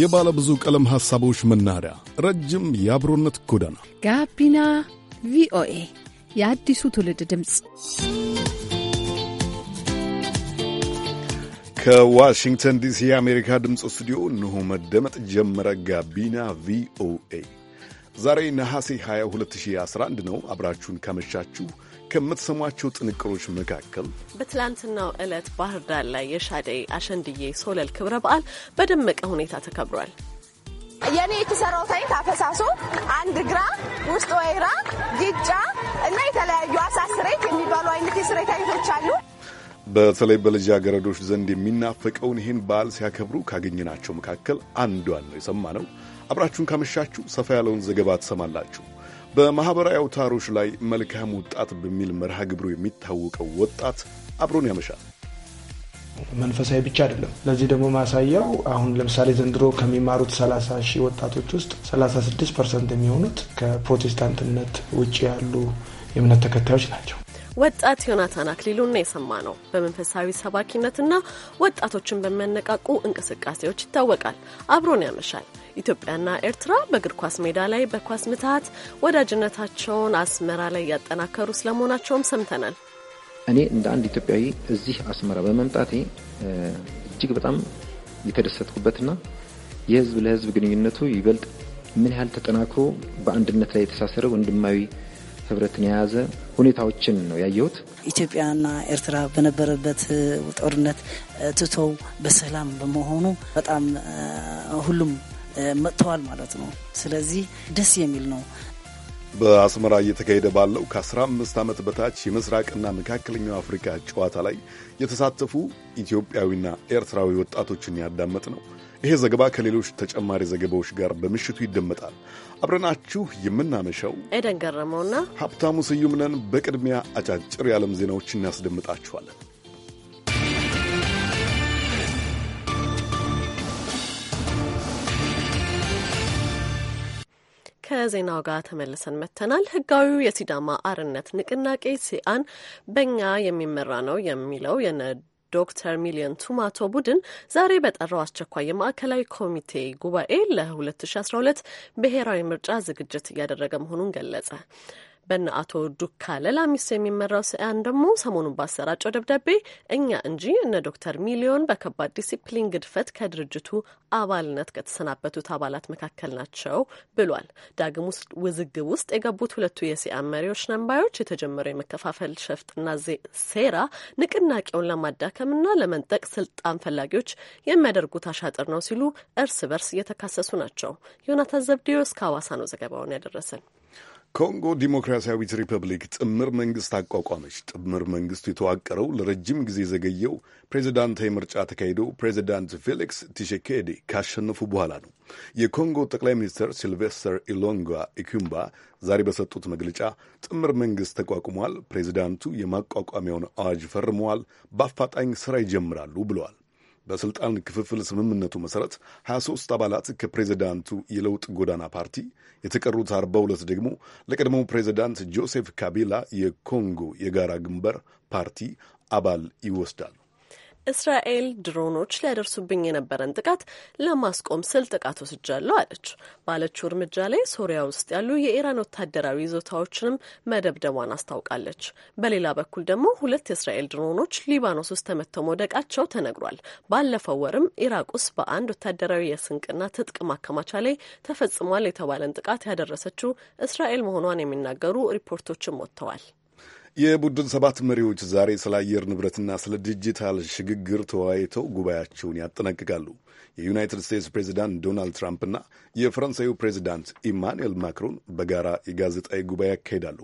የባለ ብዙ ቀለም ሐሳቦች መናኸሪያ፣ ረጅም የአብሮነት ጎዳና ጋቢና ቪኦኤ የአዲሱ ትውልድ ድምፅ ከዋሽንግተን ዲሲ የአሜሪካ ድምፅ ስቱዲዮ እንሆ መደመጥ ጀመረ። ጋቢና ቪኦኤ ዛሬ ነሐሴ 22 2011 ነው። አብራችሁን ከመሻችሁ ከምትሰሟቸው ጥንቅሮች መካከል በትላንትናው ዕለት ባህር ዳር ላይ የሻደይ አሸንድዬ ሶለል ክብረ በዓል በደመቀ ሁኔታ ተከብሯል። የኔ የተሰራው ታይት አፈሳሶ፣ አንድ ግራ፣ ውስጥ ወይራ፣ ግጫ እና የተለያዩ አሳስሬት የሚባሉ አይነት የስሬት አይነቶች አሉ። በተለይ በልጃገረዶች ዘንድ የሚናፈቀውን ይህን በዓል ሲያከብሩ ካገኘናቸው መካከል አንዷን ነው ነው። አብራችሁን ካመሻችሁ ሰፋ ያለውን ዘገባ ትሰማላችሁ። በማኅበራዊ አውታሮች ላይ መልካም ወጣት በሚል መርሃ ግብሩ የሚታወቀው ወጣት አብሮን ያመሻል። መንፈሳዊ ብቻ አይደለም። ለዚህ ደግሞ ማሳያው አሁን ለምሳሌ ዘንድሮ ከሚማሩት 30 ሺህ ወጣቶች ውስጥ 36 ፐርሰንት የሚሆኑት ከፕሮቴስታንትነት ውጭ ያሉ የእምነት ተከታዮች ናቸው። ወጣት ዮናታን አክሊሉና የሰማ ነው። በመንፈሳዊ ሰባኪነትና ወጣቶችን በሚያነቃቁ እንቅስቃሴዎች ይታወቃል። አብሮን ያመሻል። ኢትዮጵያና ኤርትራ በእግር ኳስ ሜዳ ላይ በኳስ ምትሀት ወዳጅነታቸውን አስመራ ላይ ያጠናከሩ ስለመሆናቸውም ሰምተናል። እኔ እንደ አንድ ኢትዮጵያዊ እዚህ አስመራ በመምጣቴ እጅግ በጣም የተደሰትኩበትና የህዝብ ለህዝብ ግንኙነቱ ይበልጥ ምን ያህል ተጠናክሮ በአንድነት ላይ የተሳሰረ ወንድማዊ ህብረትን የያዘ ሁኔታዎችን ነው ያየሁት። ኢትዮጵያና ኤርትራ በነበረበት ጦርነት ትቶው በሰላም በመሆኑ በጣም ሁሉም መጥተዋል ማለት ነው። ስለዚህ ደስ የሚል ነው። በአስመራ እየተካሄደ ባለው ከ15 ዓመት በታች የምስራቅና መካከለኛው አፍሪካ ጨዋታ ላይ የተሳተፉ ኢትዮጵያዊና ኤርትራዊ ወጣቶችን ያዳመጥ ነው። ይሄ ዘገባ ከሌሎች ተጨማሪ ዘገባዎች ጋር በምሽቱ ይደመጣል። አብረናችሁ የምናመሸው ኤደን ገረመውና ሀብታሙ ስዩም ነን። በቅድሚያ አጫጭር የዓለም ዜናዎችን እናስደምጣችኋለን። ከዜናው ጋር ተመልሰን መጥተናል። ህጋዊው የሲዳማ አርነት ንቅናቄ ሲአን በኛ የሚመራ ነው የሚለው የነ ዶክተር ሚሊዮን ቱማቶ ቡድን ዛሬ በጠራው አስቸኳይ የማዕከላዊ ኮሚቴ ጉባኤ ለ2012 ብሔራዊ ምርጫ ዝግጅት እያደረገ መሆኑን ገለጸ። በነ አቶ ዱካ ለላሚስ የሚመራው ሰያን ደግሞ ሰሞኑን ባሰራጨው ደብዳቤ እኛ እንጂ እነ ዶክተር ሚሊዮን በከባድ ዲሲፕሊን ግድፈት ከድርጅቱ አባልነት ከተሰናበቱት አባላት መካከል ናቸው ብሏል። ዳግም ውዝግብ ውስጥ የገቡት ሁለቱ የሰያን መሪዎች ነንባዮች የተጀመረው የመከፋፈል ሸፍጥና ሴራ ንቅናቄውን ለማዳከምና ለመንጠቅ ስልጣን ፈላጊዎች የሚያደርጉት አሻጥር ነው ሲሉ እርስ በርስ እየተካሰሱ ናቸው። ዮናታን እስከ ከሀዋሳ ነው ዘገባውን ያደረሰን። ኮንጎ ዲሞክራሲያዊት ሪፐብሊክ ጥምር መንግስት አቋቋመች። ጥምር መንግስቱ የተዋቀረው ለረጅም ጊዜ ዘገየው ፕሬዚዳንታዊ ምርጫ ተካሂዶ ፕሬዚዳንት ፌሊክስ ቲሸኬዲ ካሸነፉ በኋላ ነው። የኮንጎ ጠቅላይ ሚኒስትር ሲልቬስተር ኢሎንጋ ኢኩምባ ዛሬ በሰጡት መግለጫ ጥምር መንግስት ተቋቁሟል፣ ፕሬዚዳንቱ የማቋቋሚያውን አዋጅ ፈርመዋል፣ በአፋጣኝ ስራ ይጀምራሉ ብለዋል። በስልጣን ክፍፍል ስምምነቱ መሰረት 23 አባላት ከፕሬዚዳንቱ የለውጥ ጎዳና ፓርቲ የተቀሩት 42 ደግሞ ለቀድሞው ፕሬዚዳንት ጆሴፍ ካቢላ የኮንጎ የጋራ ግንባር ፓርቲ አባል ይወስዳል። እስራኤል ድሮኖች ሊያደርሱብኝ የነበረን ጥቃት ለማስቆም ስል ጥቃት ወስጃለሁ አለች። ባለችው እርምጃ ላይ ሶሪያ ውስጥ ያሉ የኢራን ወታደራዊ ይዞታዎችንም መደብደቧን አስታውቃለች። በሌላ በኩል ደግሞ ሁለት የእስራኤል ድሮኖች ሊባኖስ ውስጥ ተመተው መውደቃቸው ተነግሯል። ባለፈው ወርም ኢራቅ ውስጥ በአንድ ወታደራዊ የስንቅና ትጥቅ ማከማቻ ላይ ተፈጽሟል የተባለን ጥቃት ያደረሰችው እስራኤል መሆኗን የሚናገሩ ሪፖርቶችም ወጥተዋል። የቡድን ሰባት መሪዎች ዛሬ ስለ አየር ንብረትና ስለ ዲጂታል ሽግግር ተወያይተው ጉባኤያቸውን ያጠናቅቃሉ። የዩናይትድ ስቴትስ ፕሬዚዳንት ዶናልድ ትራምፕና የፈረንሳዩ ፕሬዚዳንት ኢማኑኤል ማክሮን በጋራ የጋዜጣዊ ጉባኤ ያካሂዳሉ።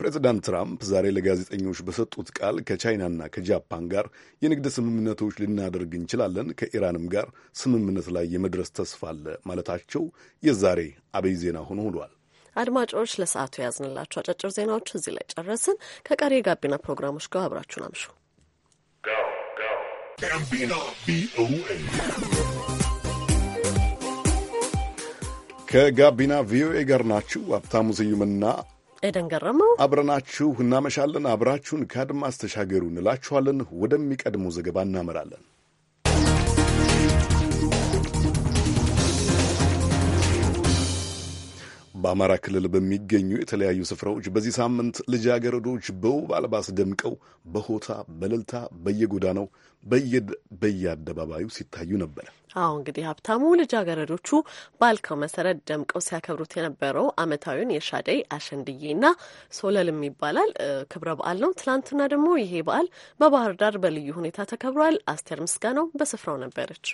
ፕሬዚዳንት ትራምፕ ዛሬ ለጋዜጠኞች በሰጡት ቃል ከቻይናና ከጃፓን ጋር የንግድ ስምምነቶች ልናደርግ እንችላለን፣ ከኢራንም ጋር ስምምነት ላይ የመድረስ ተስፋ አለ ማለታቸው የዛሬ አብይ ዜና ሆኖ ውሏል። አድማጮች ለሰዓቱ የያዝንላቸው አጫጭር ዜናዎች እዚህ ላይ ጨረስን። ከቀሪ የጋቢና ፕሮግራሞች ጋር አብራችሁን አምሹ። ከጋቢና ቪኦኤ ጋር ናችሁ። ሀብታሙ ስዩምና ኤደን ገረመው አብረናችሁ እናመሻለን። አብራችሁን ከአድማስ ተሻገሩ እንላችኋለን። ወደሚቀድመው ዘገባ እናመራለን። በአማራ ክልል በሚገኙ የተለያዩ ስፍራዎች በዚህ ሳምንት ልጃገረዶች በውብ አልባስ ደምቀው በሆታ በእልልታ በየጎዳናው በየአደባባዩ ሲታዩ ነበር። አዎ እንግዲህ ሀብታሙ ልጃገረዶቹ ባልከው መሰረት ደምቀው ሲያከብሩት የነበረው አመታዊውን የሻደይ አሸንድዬና ሶለልም ይባላል ክብረ በዓል ነው። ትናንትና ደግሞ ይሄ በዓል በባህር ዳር በልዩ ሁኔታ ተከብሯል። አስቴር ምስጋናው በስፍራው ነበረች።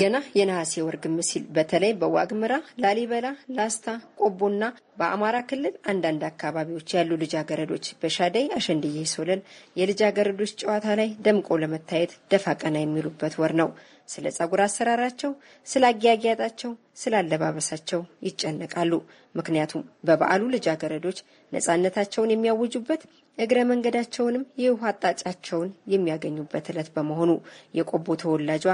ገና የነሐሴ ወር ግም ሲል በተለይ በዋግምራ፣ ላሊበላ፣ ላስታ፣ ቆቦና በአማራ ክልል አንዳንድ አካባቢዎች ያሉ ልጃገረዶች በሻደይ አሸንድዬ ሶለል የልጃገረዶች ጨዋታ ላይ ደምቆ ለመታየት ደፋ ቀና የሚሉበት ወር ነው። ስለ ጸጉር አሰራራቸው፣ ስለ አጊያጊያጣቸው፣ ስለ አለባበሳቸው ይጨነቃሉ። ምክንያቱም በበዓሉ ልጃገረዶች ነፃነታቸውን የሚያውጁበት እግረ መንገዳቸውንም የውሃ አጣጫቸውን የሚያገኙበት ዕለት በመሆኑ የቆቦ ተወላጇ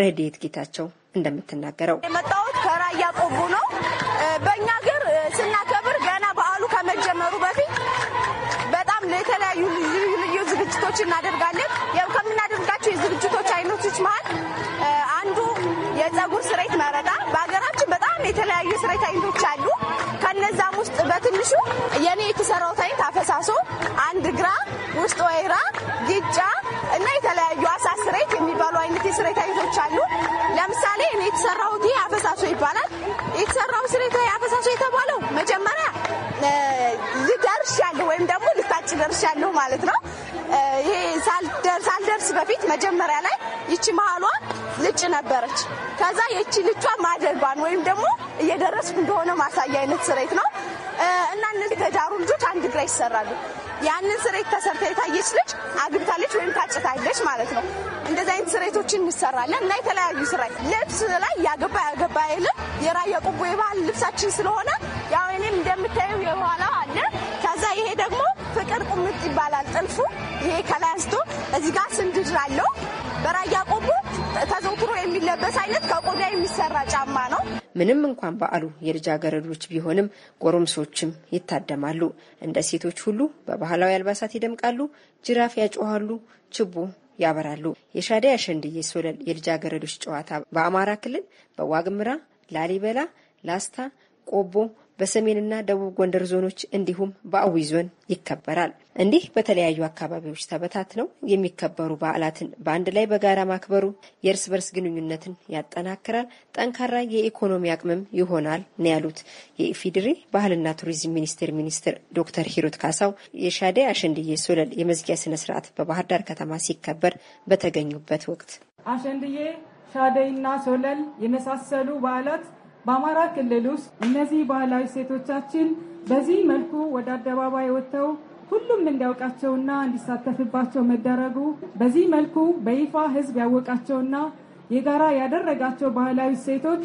ረህዴት ጌታቸው እንደምትናገረው የመጣሁት ከራያ ቆቦ ነው። በእኛ ግር ስናከብር ገና በዓሉ ከመጀመሩ በፊት በጣም የተለያዩ ልዩ ልዩ ዝግጅቶች እናደርጋለን። ያው ከምናደርጋቸው የዝግጅቶች አይነቶች መሀል አንዱ የፀጉር ስሬት መረጣ የተለያዩ የስሬት አይነቶች አሉ። ከነዛም ውስጥ በትንሹ የኔ የተሰራው አይነት አፈሳሶ፣ አንድ ግራ፣ ውስጥ ወይራ፣ ግጫ እና የተለያዩ አሳ ስሬት የሚባሉ አይነት የስሬት አይነቶች አሉ። ለምሳሌ እኔ የተሰራው ይህ አፈሳሶ ይባላል። የተሰራው ስሬት አፈሳሶ የተባለው መጀመሪያ ልደርሻለሁ ወይም ደግሞ ልታጭ ደርሻለሁ ማለት ነው። ይሄ ሳልደርስ በፊት መጀመሪያ ላይ ይቺ መሀሏ ልጭ ነበረች። ከዛ የቺ ልጇ ማደጓን ወይም ደግሞ እየደረስኩ እንደሆነ ማሳያ አይነት ስሬት ነው እና እነዚህ ተዳሩ ልጆች አንድ ግራ ይሰራሉ። ያንን ስሬት ተሰርታ የታየች ልጅ አግብታለች ወይም ታጭታለች ማለት ነው። እንደዚህ አይነት ስሬቶች እንሰራለን እና የተለያዩ ስራ ልብስ ላይ ያገባ ያገባ የልብ የራያ ቆቦ የባህል ልብሳችን ስለሆነ ያው እኔም እንደምታየው የኋላ አለ። ከዛ ይሄ ደግሞ ፍቅር ቁምጥ ይባላል ጥልፉ። ይሄ ከላይ አንስቶ እዚህ ጋር ስንድድር አለው። በራያ ቆቦ ተዘውትሮ የሚለበስ አይነት ከቆዳ የሚሰራ ጫማ ነው። ምንም እንኳን በዓሉ የልጃገረዶች ቢሆንም ጎረምሶችም ይታደማሉ። እንደ ሴቶች ሁሉ በባህላዊ አልባሳት ይደምቃሉ፣ ጅራፍ ያጮኋሉ፣ ችቦ ያበራሉ። የሻደይ አሸንድዬ ሶለል የልጃገረዶች ጨዋታ በአማራ ክልል በዋግምራ ላሊበላ፣ ላስታ፣ ቆቦ በሰሜንና ደቡብ ጎንደር ዞኖች እንዲሁም በአዊ ዞን ይከበራል። እንዲህ በተለያዩ አካባቢዎች ተበታትነው የሚከበሩ በዓላትን በአንድ ላይ በጋራ ማክበሩ የእርስ በርስ ግንኙነትን ያጠናክራል፣ ጠንካራ የኢኮኖሚ አቅምም ይሆናል ነው ያሉት የኢፌዴሪ ባህልና ቱሪዝም ሚኒስቴር ሚኒስትር ዶክተር ሂሩት ካሳው የሻደ አሸንድዬ ሶለል የመዝጊያ ስነ ስርዓት በባህር ዳር ከተማ ሲከበር በተገኙበት ወቅት አሸንድዬ ሻደይና ሶለል የመሳሰሉ በዓላት በአማራ ክልል ውስጥ እነዚህ ባህላዊ ሴቶቻችን በዚህ መልኩ ወደ አደባባይ ወጥተው ሁሉም እንዲያውቃቸውና እንዲሳተፍባቸው መደረጉ በዚህ መልኩ በይፋ ሕዝብ ያወቃቸውና የጋራ ያደረጋቸው ባህላዊ ሴቶች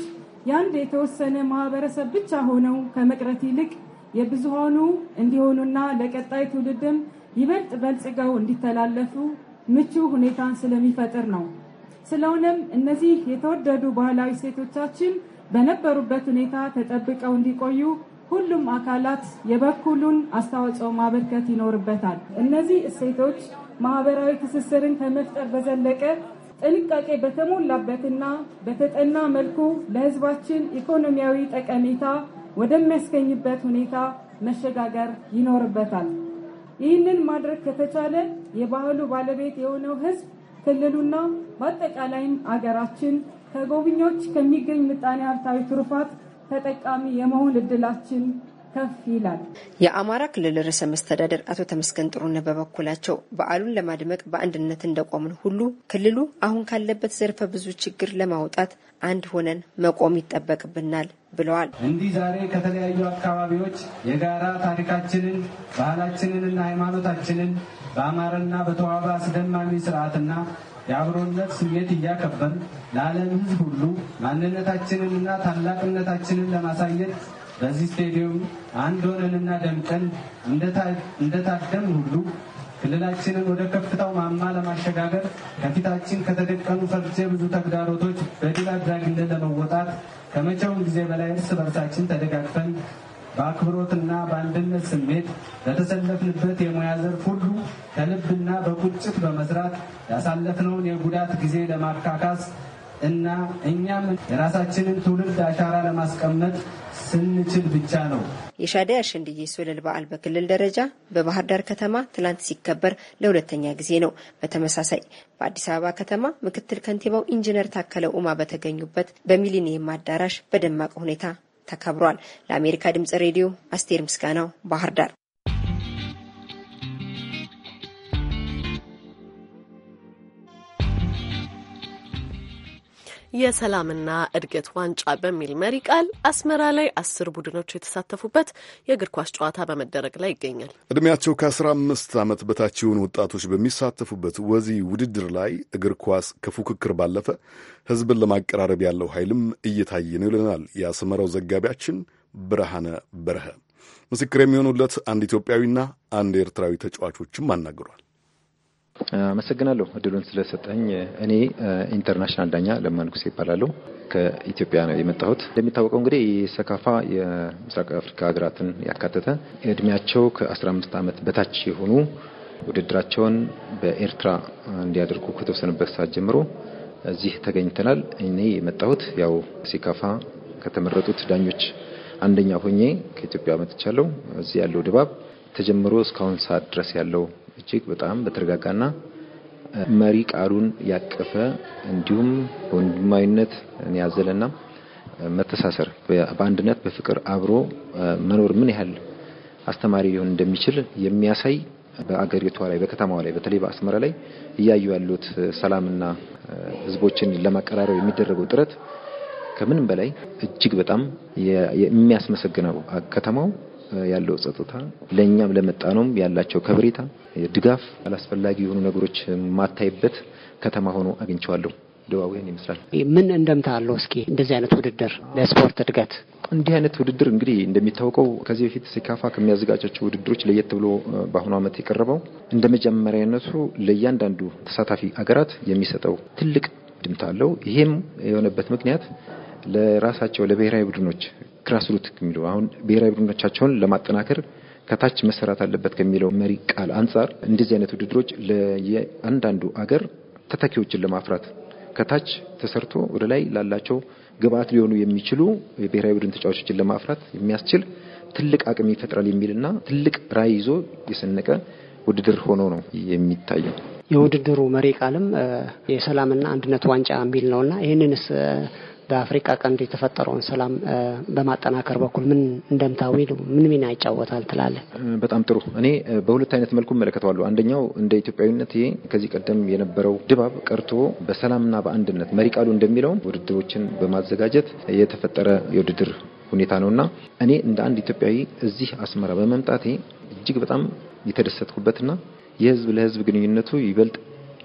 የአንድ የተወሰነ ማህበረሰብ ብቻ ሆነው ከመቅረት ይልቅ የብዙሃኑ እንዲሆኑና ለቀጣይ ትውልድም ይበልጥ በልጽገው እንዲተላለፉ ምቹ ሁኔታን ስለሚፈጥር ነው። ስለሆነም እነዚህ የተወደዱ ባህላዊ ሴቶቻችን በነበሩበት ሁኔታ ተጠብቀው እንዲቆዩ ሁሉም አካላት የበኩሉን አስተዋጽኦ ማበርከት ይኖርበታል። እነዚህ እሴቶች ማህበራዊ ትስስርን ከመፍጠር በዘለቀ ጥንቃቄ በተሞላበትና በተጠና መልኩ ለሕዝባችን ኢኮኖሚያዊ ጠቀሜታ ወደሚያስገኝበት ሁኔታ መሸጋገር ይኖርበታል። ይህንን ማድረግ ከተቻለ የባህሉ ባለቤት የሆነው ሕዝብ ክልሉና በአጠቃላይም አገራችን ከጎብኚዎች ከሚገኝ ምጣኔ ሀብታዊ ትሩፋት ተጠቃሚ የመሆን እድላችን ከፍ ይላል። የአማራ ክልል ርዕሰ መስተዳደር አቶ ተመስገን ጥሩነህ በበኩላቸው በዓሉን ለማድመቅ በአንድነት እንደቆምን ሁሉ ክልሉ አሁን ካለበት ዘርፈ ብዙ ችግር ለማውጣት አንድ ሆነን መቆም ይጠበቅብናል ብለዋል። እንዲህ ዛሬ ከተለያዩ አካባቢዎች የጋራ ታሪካችንን፣ ባህላችንንና ሃይማኖታችንን በአማረና በተዋበ አስደማሚ ስርዓትና የአብሮነት ስሜት እያከበን ለዓለም ሕዝብ ሁሉ ማንነታችንንና ታላቅነታችንን ለማሳየት በዚህ ስቴዲየም አንድ ሆነንና ደምቀን እንደታደም ሁሉ ክልላችንን ወደ ከፍታው ማማ ለማሸጋገር ከፊታችን ከተደቀኑ ፈርቼ ብዙ ተግዳሮቶች በድል አድራጊነት ለመወጣት ከመቼውም ጊዜ በላይ እርስ በርሳችን ተደጋግፈን በአክብሮትና በአንድነት ስሜት ለተሰለፍንበት የሙያ ዘርፍ ሁሉ ከልብና በቁጭት በመስራት ያሳለፍነውን የጉዳት ጊዜ ለማካካስ እና እኛም የራሳችንን ትውልድ አሻራ ለማስቀመጥ ስንችል ብቻ ነው። የሻደይ አሸንድዬ ሶለል በዓል በክልል ደረጃ በባህር ዳር ከተማ ትላንት ሲከበር ለሁለተኛ ጊዜ ነው። በተመሳሳይ በአዲስ አበባ ከተማ ምክትል ከንቲባው ኢንጂነር ታከለ ኡማ በተገኙበት በሚሊኒየም አዳራሽ በደማቅ ሁኔታ ተከብሯል። ለአሜሪካ ድምጽ ሬዲዮ አስቴር ምስጋናው ባህር ዳር የሰላምና እድገት ዋንጫ በሚል መሪ ቃል አስመራ ላይ አስር ቡድኖች የተሳተፉበት የእግር ኳስ ጨዋታ በመደረግ ላይ ይገኛል። እድሜያቸው ከአስራ አምስት ዓመት በታች የሆኑ ወጣቶች በሚሳተፉበት ወዚህ ውድድር ላይ እግር ኳስ ከፉክክር ባለፈ ሕዝብን ለማቀራረብ ያለው ኃይልም እየታየ ነው ይለናል የአስመራው ዘጋቢያችን ብርሃነ በረኸ። ምስክር የሚሆኑለት አንድ ኢትዮጵያዊና አንድ ኤርትራዊ ተጫዋቾችም አናግሯል። አመሰግናለሁ እድሉን ስለሰጠኝ። እኔ ኢንተርናሽናል ዳኛ ለማንኩስ ይባላሉ። ከኢትዮጵያ ነው የመጣሁት። እንደሚታወቀው እንግዲህ የሰካፋ የምስራቅ አፍሪካ ሀገራትን ያካተተ እድሜያቸው ከ15 ዓመት በታች የሆኑ ውድድራቸውን በኤርትራ እንዲያደርጉ ከተወሰነበት ሰዓት ጀምሮ እዚህ ተገኝተናል። እኔ የመጣሁት ያው ሴካፋ ከተመረጡት ዳኞች አንደኛ ሆኜ ከኢትዮጵያ መጥቻለሁ። እዚህ ያለው ድባብ ተጀምሮ እስካሁን ሰዓት ድረስ ያለው እጅግ በጣም በተረጋጋና መሪ ቃሉን ያቀፈ እንዲሁም በወንድማዊነት ያዘለና መተሳሰር በአንድነት በፍቅር አብሮ መኖር ምን ያህል አስተማሪ ሊሆን እንደሚችል የሚያሳይ በአገሪቷ ላይ በከተማዋ ላይ በተለይ በአስመራ ላይ እያዩ ያሉት ሰላምና ህዝቦችን ለማቀራረብ የሚደረገው ጥረት ከምንም በላይ እጅግ በጣም የሚያስመሰግነው ከተማው ያለው ጸጥታ ለእኛም ለመጣ ነውም ያላቸው ከብሬታ፣ ድጋፍ አላስፈላጊ የሆኑ ነገሮች የማታይበት ከተማ ሆኖ አግኝቸዋለሁ። ደዋው ይህን ይመስላል። ምን እንደምታ አለው? እስኪ እንደዚህ አይነት ውድድር ለስፖርት እድገት እንዲህ አይነት ውድድር እንግዲህ እንደሚታወቀው ከዚህ በፊት ሴካፋ ከሚያዘጋጃቸው ውድድሮች ለየት ብሎ በአሁኑ ዓመት የቀረበው እንደ መጀመሪያነቱ ለእያንዳንዱ ተሳታፊ አገራት የሚሰጠው ትልቅ ድምታ አለው። ይሄም የሆነበት ምክንያት ለራሳቸው ለብሔራዊ ቡድኖች ክራስሩት የሚለው አሁን ብሔራዊ ቡድኖቻቸውን ለማጠናከር ከታች መሰራት አለበት ከሚለው መሪ ቃል አንጻር እንደዚህ አይነት ውድድሮች ለየአንዳንዱ አገር ተተኪዎችን ለማፍራት ከታች ተሰርቶ ወደ ላይ ላላቸው ግብአት ሊሆኑ የሚችሉ የብሔራዊ ቡድን ተጫዋቾችን ለማፍራት የሚያስችል ትልቅ አቅም ይፈጥራል የሚልና ትልቅ ራይ ይዞ የሰነቀ ውድድር ሆኖ ነው የሚታየው። የውድድሩ መሪ ቃልም የሰላምና አንድነት ዋንጫ የሚል ነውና ይህንንስ በአፍሪካ ቀንድ የተፈጠረውን ሰላም በማጠናከር በኩል ምን እንደምታዊ ምን ሚና ይጫወታል ትላለ? በጣም ጥሩ። እኔ በሁለት አይነት መልኩ እመለከተዋለሁ። አንደኛው እንደ ኢትዮጵያዊነት ይሄ ከዚህ ቀደም የነበረው ድባብ ቀርቶ በሰላምና በአንድነት መሪ ቃሉ እንደሚለው ውድድሮችን በማዘጋጀት የተፈጠረ የውድድር ሁኔታ እና እኔ እንደ አንድ ኢትዮጵያዊ እዚህ አስመራ በመምጣቴ እጅግ በጣም የተደሰትኩበትና የህዝብ ለህዝብ ግንኙነቱ ይበልጥ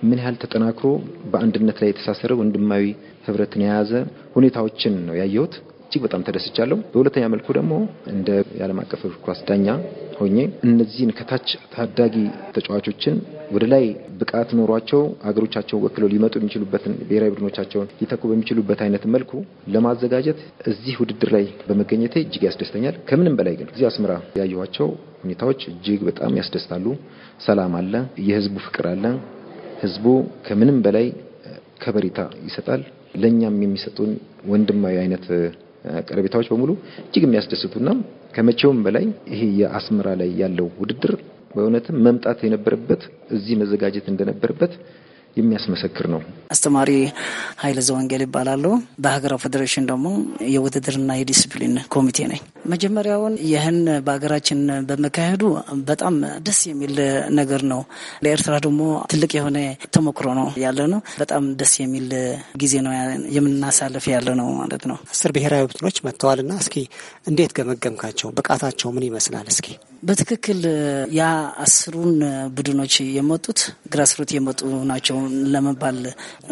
ምን ያህል ተጠናክሮ በአንድነት ላይ የተሳሰረ ወንድማዊ ህብረትን የያዘ ሁኔታዎችን ነው ያየሁት። እጅግ በጣም ተደስቻለሁ። በሁለተኛ መልኩ ደግሞ እንደ የዓለም አቀፍ እግር ኳስ ዳኛ ሆኜ እነዚህን ከታች ታዳጊ ተጫዋቾችን ወደ ላይ ብቃት ኖሯቸው አገሮቻቸው ወክለው ሊመጡ የሚችሉበትን ብሔራዊ ቡድኖቻቸውን ሊተኩ በሚችሉበት አይነት መልኩ ለማዘጋጀት እዚህ ውድድር ላይ በመገኘቴ እጅግ ያስደስተኛል። ከምንም በላይ ግን እዚህ አስመራ ያየኋቸው ሁኔታዎች እጅግ በጣም ያስደስታሉ። ሰላም አለ፣ የህዝቡ ፍቅር አለ፣ ህዝቡ ከምንም በላይ ከበሬታ ይሰጣል። ለእኛም የሚሰጡን ወንድማዊ አይነት ቀረቤታዎች በሙሉ እጅግ የሚያስደስቱና ከመቼውም በላይ ይሄ የአስመራ ላይ ያለው ውድድር በእውነትም መምጣት የነበረበት እዚህ መዘጋጀት እንደነበረበት የሚያስመሰክር ነው። አስተማሪ ኃይለ ዘወንጌል ይባላለሁ። በሀገራዊ ፌዴሬሽን ደግሞ የውድድርና የዲስፕሊን ኮሚቴ ነኝ። መጀመሪያውን ይህን በሀገራችን በመካሄዱ በጣም ደስ የሚል ነገር ነው። ለኤርትራ ደግሞ ትልቅ የሆነ ተሞክሮ ነው ያለ ነው። በጣም ደስ የሚል ጊዜ ነው የምናሳልፍ ያለ ነው ማለት ነው። አስር ብሔራዊ ቡድኖች መጥተዋልና እስኪ እንዴት ገመገምካቸው? ብቃታቸው ምን ይመስላል? እስኪ በትክክል ያ አስሩን ቡድኖች የመጡት ግራስሩት የመጡ ናቸው ለመባል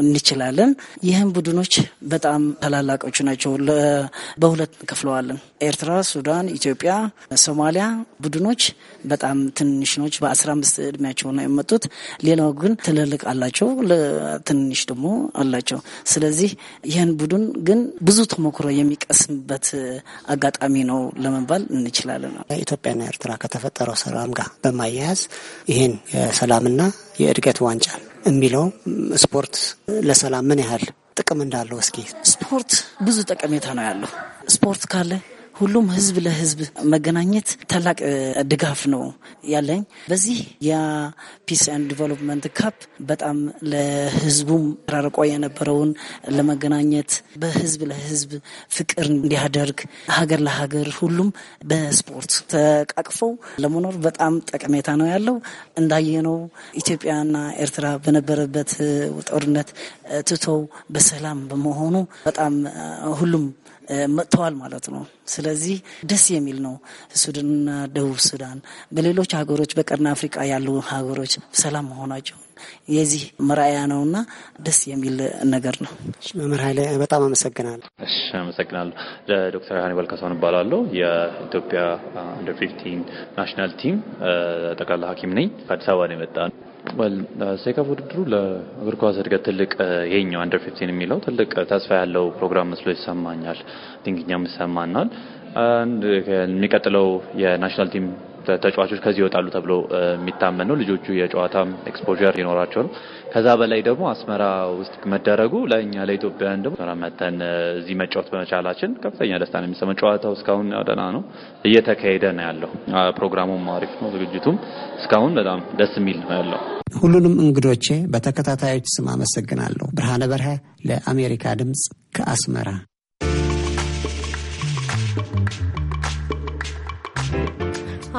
እንችላለን። ይህን ቡድኖች በጣም ታላላቆቹ ናቸው። በሁለት ከፍለዋለን ኤርትራ ሱዳን፣ ኢትዮጵያ፣ ሶማሊያ ቡድኖች በጣም ትንሽኖች በ15 እድሜያቸው ነው የመጡት። ሌላው ግን ትልልቅ አላቸው፣ ትንሽ ደግሞ አላቸው። ስለዚህ ይህን ቡድን ግን ብዙ ተሞክሮ የሚቀስምበት አጋጣሚ ነው ለመባል እንችላለን። ኢትዮጵያና ኤርትራ ከተፈጠረው ሰላም ጋር በማያያዝ ይህን የሰላምና የእድገት ዋንጫ የሚለው ስፖርት ለሰላም ምን ያህል ጥቅም እንዳለው እስኪ። ስፖርት ብዙ ጠቀሜታ ነው ያለው። ስፖርት ካለ ሁሉም ህዝብ ለህዝብ መገናኘት ታላቅ ድጋፍ ነው ያለኝ። በዚህ የፒስ ኤንድ ዲቨሎፕመንት ካፕ በጣም ለህዝቡም ተራርቆ የነበረውን ለመገናኘት በህዝብ ለህዝብ ፍቅር እንዲያደርግ ሀገር ለሀገር ሁሉም በስፖርት ተቃቅፈው ለመኖር በጣም ጠቀሜታ ነው ያለው። እንዳየነው ኢትዮጵያና ኤርትራ በነበረበት ጦርነት ትቶ በሰላም በመሆኑ በጣም ሁሉም መጥተዋል ማለት ነው። ስለዚህ ደስ የሚል ነው። ሱዳንና ደቡብ ሱዳን በሌሎች ሀገሮች በቀርን አፍሪቃ ያሉ ሀገሮች ሰላም መሆናቸው የዚህ ነው እና ደስ የሚል ነገር ነው። መምህር ኃይሌ በጣም አመሰግናለሁ። አመሰግናለሁ። ዶክተር ሀኒ ወልካሳሁን እባላለሁ። የኢትዮጵያ አንደር ፊፍቲን ናሽናል ቲም ጠቅላላ ሐኪም ነኝ። ከአዲስ አበባ ነው የመጣ ሴካፍ uh, ውድድሩ ለእግር ኳስ እድገት ትልቅ uh, ይሄኛው አንደር ፊፍቲን የሚለው ትልቅ uh, ተስፋ ያለው ፕሮግራም መስሎ ይሰማኛል። ቲንክ ይሰማናል። የሚቀጥለው የናሽናል ቲም ተጫዋቾች ከዚህ ይወጣሉ ተብሎ የሚታመን ነው። ልጆቹ የጨዋታም ኤክስፖዠር ይኖራቸው ነው። ከዛ በላይ ደግሞ አስመራ ውስጥ መደረጉ ለእኛ ለኢትዮጵያውያን ደግሞ መተን እዚህ መጫወት በመቻላችን ከፍተኛ ደስታ ነው የሚሰማን። ጨዋታው እስካሁን ደህና ነው እየተካሄደ ነው ያለው። ፕሮግራሙም አሪፍ ነው፣ ዝግጅቱም እስካሁን በጣም ደስ የሚል ነው ያለው። ሁሉንም እንግዶቼ በተከታታዮች ስም አመሰግናለሁ። ብርሃነ በርሀ ለአሜሪካ ድምፅ ከአስመራ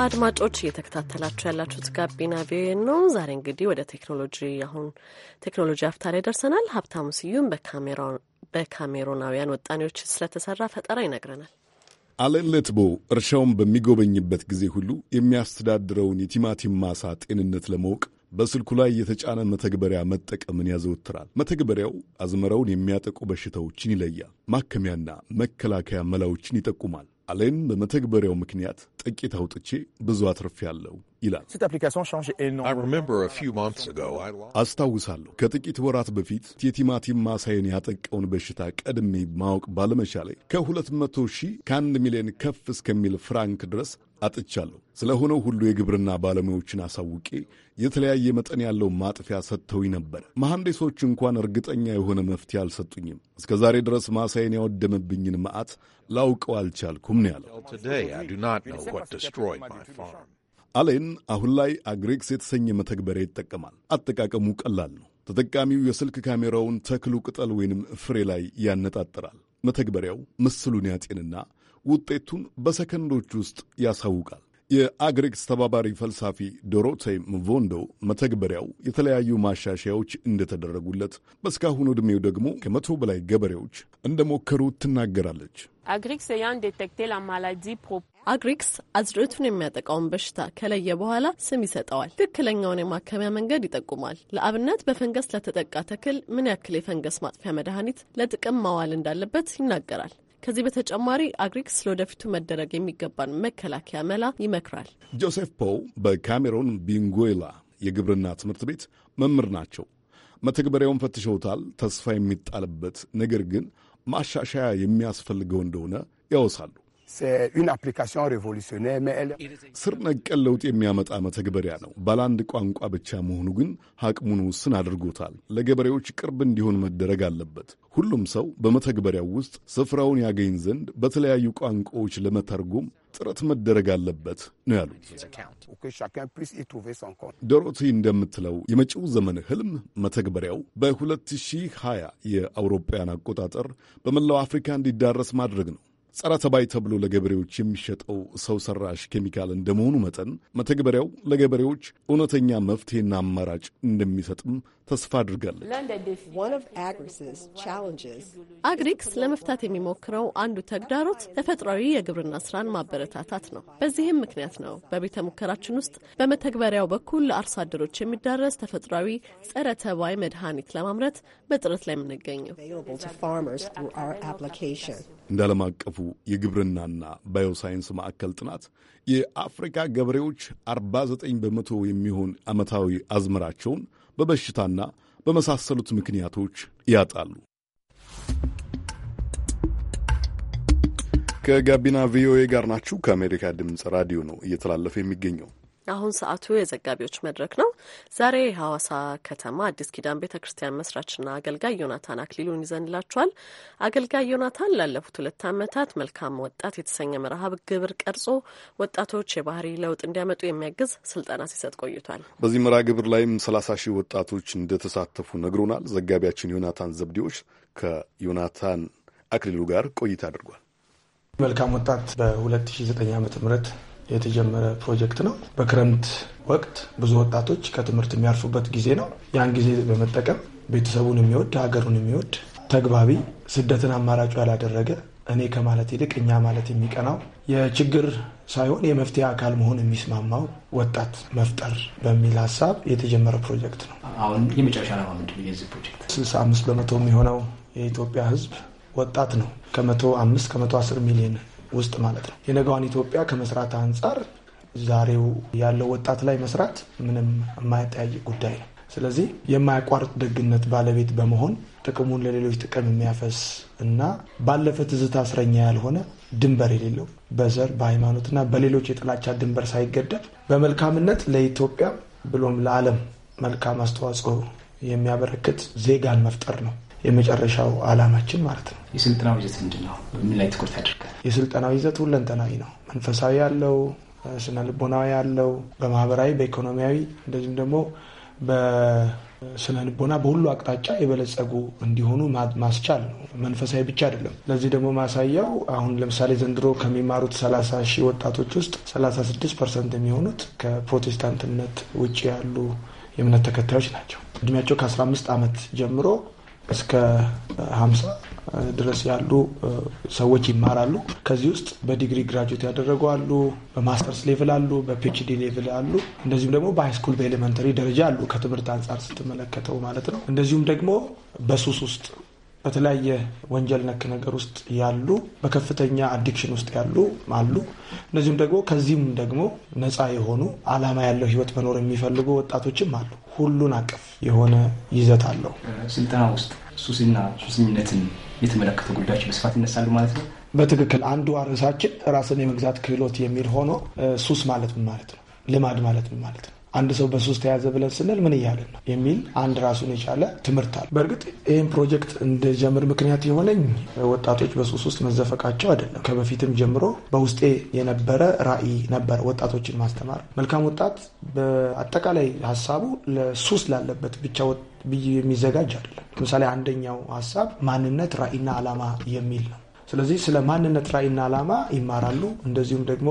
አድማጮች እየተከታተላችሁ ያላችሁት ጋቢና ቪኦኤ ነው። ዛሬ እንግዲህ ወደ ቴክኖሎጂ አሁን ቴክኖሎጂ አፍታ ላይ ደርሰናል። ሀብታሙ ስዩም በካሜሮናውያን ወጣኔዎች ስለተሰራ ፈጠራ ይነግረናል። አለን ለትቦ እርሻውን በሚጎበኝበት ጊዜ ሁሉ የሚያስተዳድረውን የቲማቲም ማሳ ጤንነት ለማወቅ በስልኩ ላይ የተጫነ መተግበሪያ መጠቀምን ያዘወትራል። መተግበሪያው አዝመራውን የሚያጠቁ በሽታዎችን ይለያል፣ ማከሚያና መከላከያ መላዎችን ይጠቁማል። አሌን በመተግበሪያው ምክንያት ጥቂት አውጥቼ ብዙ አትርፌያለሁ ይላል። አስታውሳለሁ ከጥቂት ወራት በፊት የቲማቲም ማሳይን ያጠቀውን በሽታ ቀድሜ ማወቅ ባለመቻሌ ከሁለት መቶ ሺህ ከአንድ ሚሊዮን ከፍ እስከሚል ፍራንክ ድረስ አጥቻለሁ። ስለሆነው ሁሉ የግብርና ባለሙያዎችን አሳውቄ የተለያየ መጠን ያለው ማጥፊያ ሰጥተውኝ ነበር። መሐንዲሶች እንኳን እርግጠኛ የሆነ መፍትሄ አልሰጡኝም። እስከ ዛሬ ድረስ ማሳይን ያወደመብኝን መዓት ላውቀው አልቻልኩም ነው ያለው። አሌን አሁን ላይ አግሬክስ የተሰኘ መተግበሪያ ይጠቀማል። አጠቃቀሙ ቀላል ነው። ተጠቃሚው የስልክ ካሜራውን ተክሉ ቅጠል ወይንም ፍሬ ላይ ያነጣጥራል። መተግበሪያው ምስሉን ያጤንና ውጤቱን በሰከንዶች ውስጥ ያሳውቃል። የአግሪክ ተባባሪ ፈልሳፊ ዶሮቴ ምቮንዶ መተግበሪያው የተለያዩ ማሻሻያዎች እንደተደረጉለት በእስካሁኑ ዕድሜው ደግሞ ከመቶ በላይ ገበሬዎች እንደሞከሩ ትናገራለች። አግሪክስ አዝርዕቱን የሚያጠቃውን በሽታ ከለየ በኋላ ስም ይሰጠዋል። ትክክለኛውን የማከሚያ መንገድ ይጠቁማል። ለአብነት በፈንገስ ለተጠቃ ተክል ምን ያክል የፈንገስ ማጥፊያ መድኃኒት ለጥቅም ማዋል እንዳለበት ይናገራል። ከዚህ በተጨማሪ አግሪክስ ለወደፊቱ መደረግ የሚገባን መከላከያ መላ ይመክራል። ጆሴፍ ፖው በካሜሮን ቢንጎላ የግብርና ትምህርት ቤት መምህር ናቸው። መተግበሪያውን ፈትሸውታል። ተስፋ የሚጣልበት ነገር ግን ማሻሻያ የሚያስፈልገው እንደሆነ ያወሳሉ። ስር ነቀል ለውጥ የሚያመጣ መተግበሪያ ነው። ባለአንድ ቋንቋ ብቻ መሆኑ ግን አቅሙን ውስን አድርጎታል። ለገበሬዎች ቅርብ እንዲሆን መደረግ አለበት። ሁሉም ሰው በመተግበሪያው ውስጥ ስፍራውን ያገኝ ዘንድ በተለያዩ ቋንቋዎች ለመተርጎም ጥረት መደረግ አለበት ነው ያሉት። ዶሮቲ እንደምትለው የመጪው ዘመን ህልም መተግበሪያው በ2020 የአውሮፓውያን አቆጣጠር በመላው አፍሪካ እንዲዳረስ ማድረግ ነው። ጸረ ተባይ ተብሎ ለገበሬዎች የሚሸጠው ሰው ሰራሽ ኬሚካል እንደመሆኑ መጠን መተግበሪያው ለገበሬዎች እውነተኛ መፍትሄና አማራጭ እንደሚሰጥም ተስፋ አድርጋለች። አግሪክስ ለመፍታት የሚሞክረው አንዱ ተግዳሮት ተፈጥሯዊ የግብርና ስራን ማበረታታት ነው። በዚህም ምክንያት ነው በቤተ ሙከራችን ውስጥ በመተግበሪያው በኩል ለአርሶ አደሮች የሚዳረስ ተፈጥሯዊ ጸረ ተባይ መድኃኒት ለማምረት በጥረት ላይ የምንገኘው። እንደ ዓለም አቀፉ የግብርናና ባዮሳይንስ ማዕከል ጥናት የአፍሪካ ገበሬዎች 49 በመቶ የሚሆን ዓመታዊ አዝመራቸውን በበሽታና በመሳሰሉት ምክንያቶች ያጣሉ። ከጋቢና ቪኦኤ ጋር ናችሁ። ከአሜሪካ ድምፅ ራዲዮ ነው እየተላለፈ የሚገኘው አሁን ሰዓቱ የዘጋቢዎች መድረክ ነው። ዛሬ የሐዋሳ ከተማ አዲስ ኪዳን ቤተ ክርስቲያን መስራችና አገልጋይ ዮናታን አክሊሉን ይዘንላችኋል። አገልጋይ ዮናታን ላለፉት ሁለት ዓመታት መልካም ወጣት የተሰኘ መርሃብ ግብር ቀርጾ ወጣቶች የባህሪ ለውጥ እንዲያመጡ የሚያግዝ ስልጠና ሲሰጥ ቆይቷል። በዚህ መርሃ ግብር ላይም ሰላሳ ሺህ ወጣቶች እንደተሳተፉ ነግሮናል። ዘጋቢያችን ዮናታን ዘብዴዎች ከዮናታን አክሊሉ ጋር ቆይታ አድርጓል። መልካም ወጣት በ2009 ም የተጀመረ ፕሮጀክት ነው። በክረምት ወቅት ብዙ ወጣቶች ከትምህርት የሚያርፉበት ጊዜ ነው። ያን ጊዜ በመጠቀም ቤተሰቡን የሚወድ ሀገሩን የሚወድ ተግባቢ፣ ስደትን አማራጩ ያላደረገ እኔ ከማለት ይልቅ እኛ ማለት የሚቀናው የችግር ሳይሆን የመፍትሄ አካል መሆን የሚስማማው ወጣት መፍጠር በሚል ሀሳብ የተጀመረ ፕሮጀክት ነው። አሁን የመጨረሻ ዓላማ ምንድን ነው የዚህ ፕሮጀክት? ስልሳ አምስት በመቶ የሚሆነው የኢትዮጵያ ሕዝብ ወጣት ነው። ከመቶ አምስት ከመቶ አስር ሚሊዮን ውስጥ ማለት ነው። የነገዋን ኢትዮጵያ ከመስራት አንጻር ዛሬው ያለው ወጣት ላይ መስራት ምንም የማያጠያይቅ ጉዳይ ነው። ስለዚህ የማያቋርጥ ደግነት ባለቤት በመሆን ጥቅሙን ለሌሎች ጥቅም የሚያፈስ እና ባለፈ ትዝታ እስረኛ ያልሆነ ድንበር የሌለው በዘር በሃይማኖትና በሌሎች የጥላቻ ድንበር ሳይገደብ በመልካምነት ለኢትዮጵያ ብሎም ለዓለም መልካም አስተዋጽኦ የሚያበረክት ዜጋን መፍጠር ነው የመጨረሻው አላማችን ማለት ነው። የስልጠናው ይዘት ምንድን ነው? ምን ላይ ትኩረት ያደርጋል? የስልጠናው ይዘት ሁለንተናዊ ነው። መንፈሳዊ ያለው፣ ስነ ልቦናዊ ያለው፣ በማህበራዊ በኢኮኖሚያዊ እንደዚሁም ደግሞ በስነ ልቦና በሁሉ አቅጣጫ የበለጸጉ እንዲሆኑ ማስቻል ነው። መንፈሳዊ ብቻ አይደለም። ለዚህ ደግሞ ማሳያው አሁን ለምሳሌ ዘንድሮ ከሚማሩት 30 ሺህ ወጣቶች ውስጥ 36 ፐርሰንት የሚሆኑት ከፕሮቴስታንትነት ውጭ ያሉ የእምነት ተከታዮች ናቸው። እድሜያቸው ከ15 ዓመት ጀምሮ እስከ ሀምሳ ድረስ ያሉ ሰዎች ይማራሉ። ከዚህ ውስጥ በዲግሪ ግራጁዌት ያደረጉ አሉ፣ በማስተርስ ሌቭል አሉ፣ በፒኤችዲ ሌቭል አሉ፣ እንደዚሁም ደግሞ በሃይስኩል በኤሌመንተሪ ደረጃ አሉ። ከትምህርት አንጻር ስትመለከተው ማለት ነው። እንደዚሁም ደግሞ በሱስ ውስጥ በተለያየ ወንጀል ነክ ነገር ውስጥ ያሉ በከፍተኛ አዲክሽን ውስጥ ያሉ አሉ። እነዚሁም ደግሞ ከዚህም ደግሞ ነፃ የሆኑ አላማ ያለው ህይወት መኖር የሚፈልጉ ወጣቶችም አሉ። ሁሉን አቀፍ የሆነ ይዘት አለው። ስልጠና ውስጥ ሱስና ሱሰኝነትን የተመለከተ ጉዳዮች በስፋት ይነሳሉ ማለት ነው። በትክክል አንዱ ርዕሳችን ራስን የመግዛት ክህሎት የሚል ሆኖ ሱስ ማለት ምን ማለት ነው? ልማድ ማለት ምን ማለት ነው? አንድ ሰው በሱስ ተያዘ ብለን ስንል ምን እያለን ነው የሚል አንድ ራሱን የቻለ ትምህርት አለ። በእርግጥ ይህን ፕሮጀክት እንደጀምር ምክንያት የሆነኝ ወጣቶች በሱስ ውስጥ መዘፈቃቸው አይደለም። ከበፊትም ጀምሮ በውስጤ የነበረ ራዕይ ነበረ፣ ወጣቶችን ማስተማር። መልካም ወጣት በአጠቃላይ ሀሳቡ ለሱስ ላለበት ብቻ ብዬ የሚዘጋጅ አይደለም። ለምሳሌ አንደኛው ሀሳብ ማንነት ራዕይና ዓላማ የሚል ነው። ስለዚህ ስለ ማንነት ራዕይና ዓላማ ይማራሉ። እንደዚሁም ደግሞ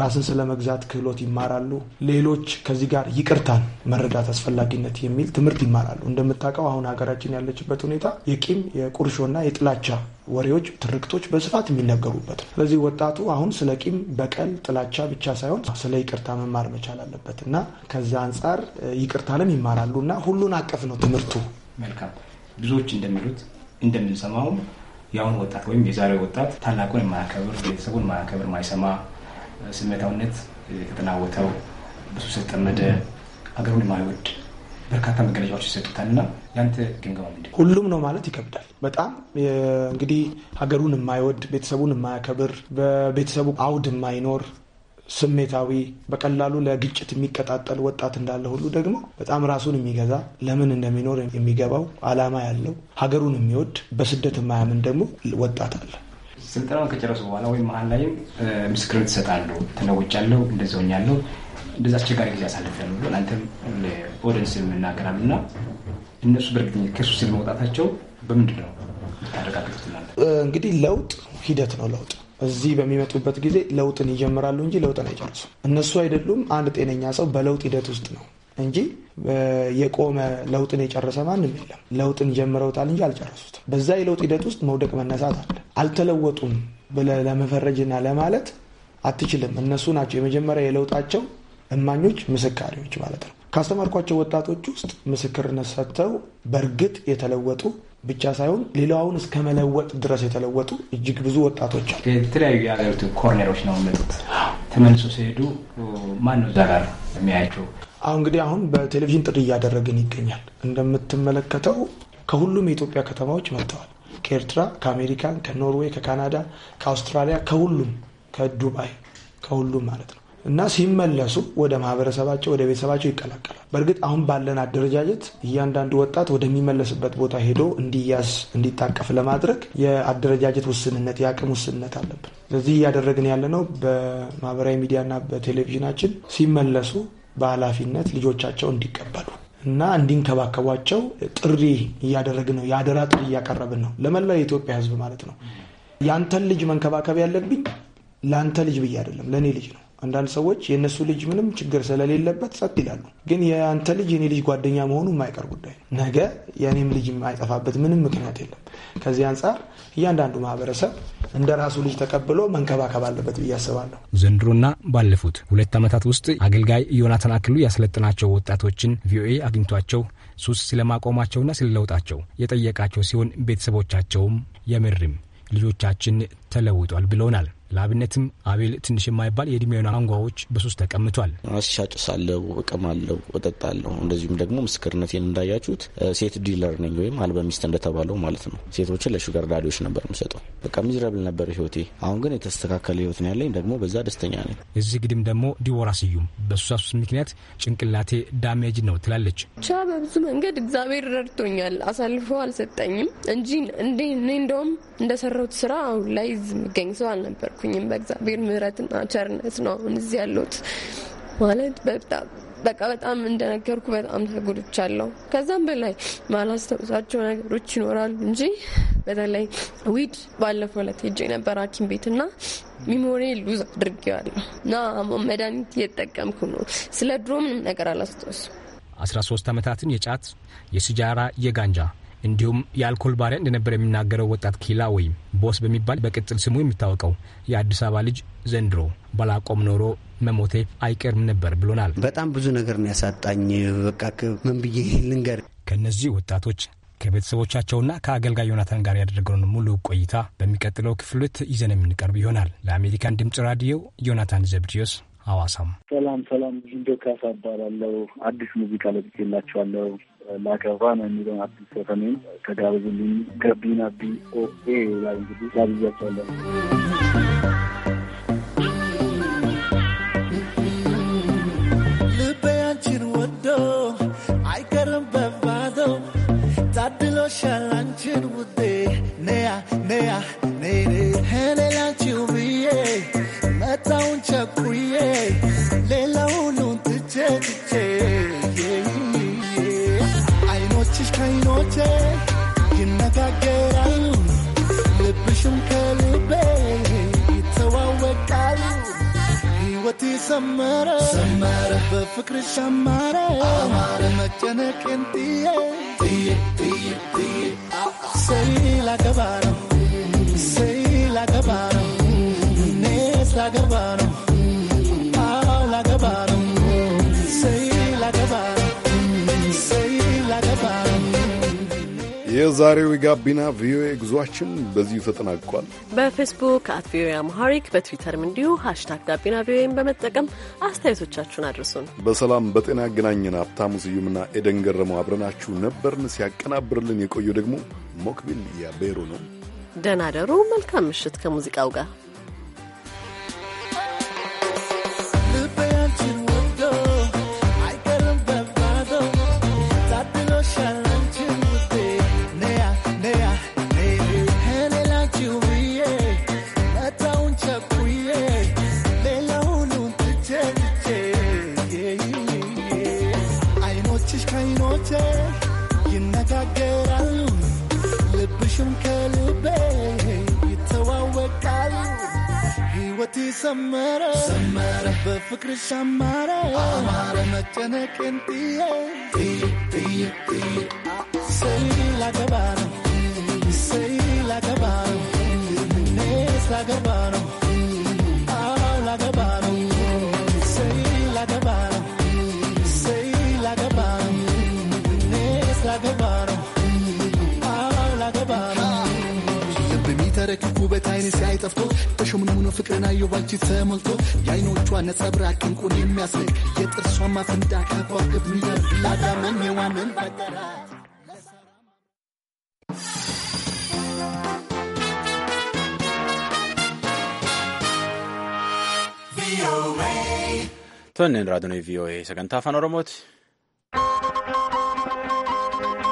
ራስን ስለ መግዛት ክህሎት ይማራሉ። ሌሎች ከዚህ ጋር ይቅርታን መረዳት አስፈላጊነት የሚል ትምህርት ይማራሉ። እንደምታውቀው አሁን ሀገራችን ያለችበት ሁኔታ የቂም የቁርሾና የጥላቻ ወሬዎች፣ ትርክቶች በስፋት የሚነገሩበት ነው። ስለዚህ ወጣቱ አሁን ስለ ቂም፣ በቀል፣ ጥላቻ ብቻ ሳይሆን ስለ ይቅርታ መማር መቻል አለበት እና ከዛ አንጻር ይቅርታንም ይማራሉ እና ሁሉን አቀፍ ነው ትምህርቱ። መልካም ብዙዎች እንደሚሉት እንደምንሰማውም የአሁኑ ወጣት ወይም የዛሬ ወጣት ታላቁን የማያከብር ቤተሰቡን የማያከብር ማይሰማ፣ ስሜታውነት የተጠናወተው ብዙ የተጠመደ ሀገሩን የማይወድ በርካታ መገለጫዎች ይሰጡታል እና ያንተ ግምገማ ምንድን ነው? ሁሉም ነው ማለት ይከብዳል። በጣም እንግዲህ ሀገሩን የማይወድ ቤተሰቡን የማያከብር በቤተሰቡ አውድ የማይኖር ስሜታዊ፣ በቀላሉ ለግጭት የሚቀጣጠል ወጣት እንዳለ ሁሉ ደግሞ በጣም ራሱን የሚገዛ ለምን እንደሚኖር የሚገባው አላማ ያለው ሀገሩን የሚወድ በስደት የማያምን ደግሞ ወጣት አለ። ስልጠናውን ከጨረሱ በኋላ ወይም መሀል ላይም ምስክርን ትሰጣለሁ፣ ተለውጫለሁ፣ እንደዚያ ሆኛለሁ፣ እንደዚያ አስቸጋሪ ጊዜ አሳልፌያለሁ ብሎ አንተም ኦደንስ የምናገራል እና እነሱ በእርግጠኛ ከሱ ስል መውጣታቸው በምንድን ነው ታረጋግጡት? እንግዲህ ለውጥ ሂደት ነው ለውጥ እዚህ በሚመጡበት ጊዜ ለውጥን ይጀምራሉ እንጂ ለውጥን አይጨርሱም። እነሱ አይደሉም። አንድ ጤነኛ ሰው በለውጥ ሂደት ውስጥ ነው እንጂ የቆመ ለውጥን የጨረሰ ማንም የለም። ለውጥን ጀምረውታል እንጂ አልጨረሱትም። በዛ የለውጥ ሂደት ውስጥ መውደቅ መነሳት አለ። አልተለወጡም ብለህ ለመፈረጅና ለማለት አትችልም። እነሱ ናቸው የመጀመሪያ የለውጣቸው እማኞች፣ ምስካሪዎች ማለት ነው። ካስተማርኳቸው ወጣቶች ውስጥ ምስክርነት ሰጥተው በእርግጥ የተለወጡ ብቻ ሳይሆን ሌላውን እስከ መለወጥ ድረስ የተለወጡ እጅግ ብዙ ወጣቶች አሉ። የተለያዩ የሀገሪቱ ኮርኔሮች ነው መጡት ተመልሶ ሲሄዱ ማን ነው ጋር የሚያያቸው? አሁ እንግዲህ አሁን በቴሌቪዥን ጥሪ እያደረግን ይገኛል። እንደምትመለከተው ከሁሉም የኢትዮጵያ ከተማዎች መጥተዋል። ከኤርትራ፣ ከአሜሪካን፣ ከኖርዌይ፣ ከካናዳ፣ ከአውስትራሊያ፣ ከሁሉም ከዱባይ፣ ከሁሉም ማለት ነው እና ሲመለሱ ወደ ማህበረሰባቸው ወደ ቤተሰባቸው ይቀላቀላል። በእርግጥ አሁን ባለን አደረጃጀት እያንዳንዱ ወጣት ወደሚመለስበት ቦታ ሄዶ እንዲያዝ እንዲታቀፍ ለማድረግ የአደረጃጀት ውስንነት፣ የአቅም ውስንነት አለብን። ስለዚህ እያደረግን ያለ ነው በማህበራዊ ሚዲያና በቴሌቪዥናችን ሲመለሱ በኃላፊነት ልጆቻቸው እንዲቀበሉ እና እንዲንከባከቧቸው ጥሪ እያደረግን ነው። የአደራ ጥሪ እያቀረብን ነው ለመላው የኢትዮጵያ ሕዝብ ማለት ነው። ያንተን ልጅ መንከባከብ ያለብኝ ለአንተ ልጅ ብዬ አይደለም ለእኔ ልጅ ነው አንዳንድ ሰዎች የእነሱ ልጅ ምንም ችግር ስለሌለበት ጸጥ ይላሉ። ግን የአንተ ልጅ የኔ ልጅ ጓደኛ መሆኑ የማይቀር ጉዳይ ነው። ነገ የእኔም ልጅ የማይጠፋበት ምንም ምክንያት የለም። ከዚህ አንጻር እያንዳንዱ ማህበረሰብ እንደ ራሱ ልጅ ተቀብሎ መንከባከብ አለበት ብዬ አስባለሁ። ዘንድሮና ባለፉት ሁለት ዓመታት ውስጥ አገልጋይ ዮናታን አክሉ ያሰለጥናቸው ወጣቶችን ቪኦኤ አግኝቷቸው ሱስ ስለማቆማቸውና ስለለውጣቸው የጠየቃቸው ሲሆን ቤተሰቦቻቸውም የምርም ልጆቻችን ተለውጧል ብለውናል። ለአብነትም አቤል ትንሽ የማይባል የእድሜውን አንጓዎች በሱስ ተቀምቷል። አስሻጭሳለሁ፣ እቅማለሁ፣ እጠጣለሁ። እንደዚሁም ደግሞ ምስክርነቴን እንዳያችሁት ሴት ዲለር ነኝ ወይም አልበሚስት ሚስት እንደተባለው ማለት ነው። ሴቶችን ለሹገር ዳዲዎች ነበር የምሰጠው። በቃ ሚዝረብል ነበር ህይወቴ። አሁን ግን የተስተካከለ ህይወት ነው ያለኝ፣ ደግሞ በዛ ደስተኛ ነኝ። እዚህ ግድም ደግሞ ዲቦራ ስዩም በሱሳሱስ ምክንያት ጭንቅላቴ ዳሜጅ ነው ትላለች። ብቻ በብዙ መንገድ እግዚአብሔር ረድቶኛል፣ አሳልፎ አልሰጠኝም እንጂ እንደውም እንደሰራሁት ስራ አሁን ላይ እዚህ ሰው አልነበር አልወደቅኩኝም። በእግዚአብሔር ምሕረትና ቸርነት ነው አሁን እዚህ ያለሁት ማለት በጣም በቃ በጣም እንደነገርኩ በጣም ተጎድቻለሁ። ከዛም በላይ ማላስታውሳቸው ነገሮች ይኖራሉ እንጂ በተለይ ዊድ ባለፈው ዕለት ሄጄ ነበር ሐኪም ቤት እና ሚሞሪ ሉዝ አድርጌዋለሁ እና መድኃኒት እየጠቀምኩ ነው። ስለ ድሮ ምንም ነገር አላስታውስም። አስራ ሶስት ዓመታትን የጫት የስጃራ የጋንጃ እንዲሁም የአልኮል ባሪያ እንደነበር የሚናገረው ወጣት ኪላ ወይም ቦስ በሚባል በቅጽል ስሙ የሚታወቀው የአዲስ አበባ ልጅ ዘንድሮ ባላቆም ኖሮ መሞቴ አይቀርም ነበር ብሎናል። በጣም ብዙ ነገር ነው ያሳጣኝ። በቃ ምን ብዬ ልንገር። ከእነዚህ ወጣቶች ከቤተሰቦቻቸውና ከአገልጋይ ዮናታን ጋር ያደረገውን ሙሉ ቆይታ በሚቀጥለው ክፍል ይዘን የምንቀርብ ይሆናል። ለአሜሪካን ድምጽ ራዲዮ ዮናታን ዘብድዮስ ሐዋሳም። ሰላም ሰላም፣ ዝንዶ ካሳ እባላለሁ። አዲስ ሙዚቃ ለብቼላችኋለሁ። ላገባ ነው የሚለውን አዲስ ዘፈኔን ከጋበዙልኝ ገቢና ቢኦኤ ላይ እንግዲህ ጋብዣቸዋለሁ። ሻላንችን አንቺን ውዴ ክርሻ አማረ መጨነቄን ጥዬ ጥዬ ጥዬ ጥዬ ሰይ ላገባ ነው ሰይ ላገባ ነው እኔ ስላገባ ነው የዛሬው የጋቢና ቪኦኤ ጉዟችን በዚሁ ተጠናቅቋል። በፌስቡክ አት ቪኦኤ አምሃሪክ በትዊተርም እንዲሁ ሀሽታግ ጋቢና ቪኦኤን በመጠቀም አስተያየቶቻችሁን አድርሱን። በሰላም በጤና ያገናኘን። ሀብታሙ ስዩምና ኤደን ገረመው አብረናችሁ ነበርን። ሲያቀናብርልን የቆየው ደግሞ ሞክቢል ያቤሮ ነው። ደናደሩ መልካም ምሽት ከሙዚቃው ጋር ውበቴ ሰመረ ሰመረ በፍቅርሽ አማረ አማረ መጨነቄን ጥዬ ጥዬ ጥዬ ሰይ ላገባ ነው ሰይ ላገባ ነው እኔ ስላገባ ነው በኪት ውበት አይን ሲያይ ጠፍቶ ተሸምኖ ፍቅርን አየሁ ባንቺ ተሞልቶ የአይኖቿ ነጸብራቅ እንቁን የሚያስነቅ የጥርሷ ማፍንዳ ከዋክብት ሚያላዳመን ፈጠራ radon i VOA oromot.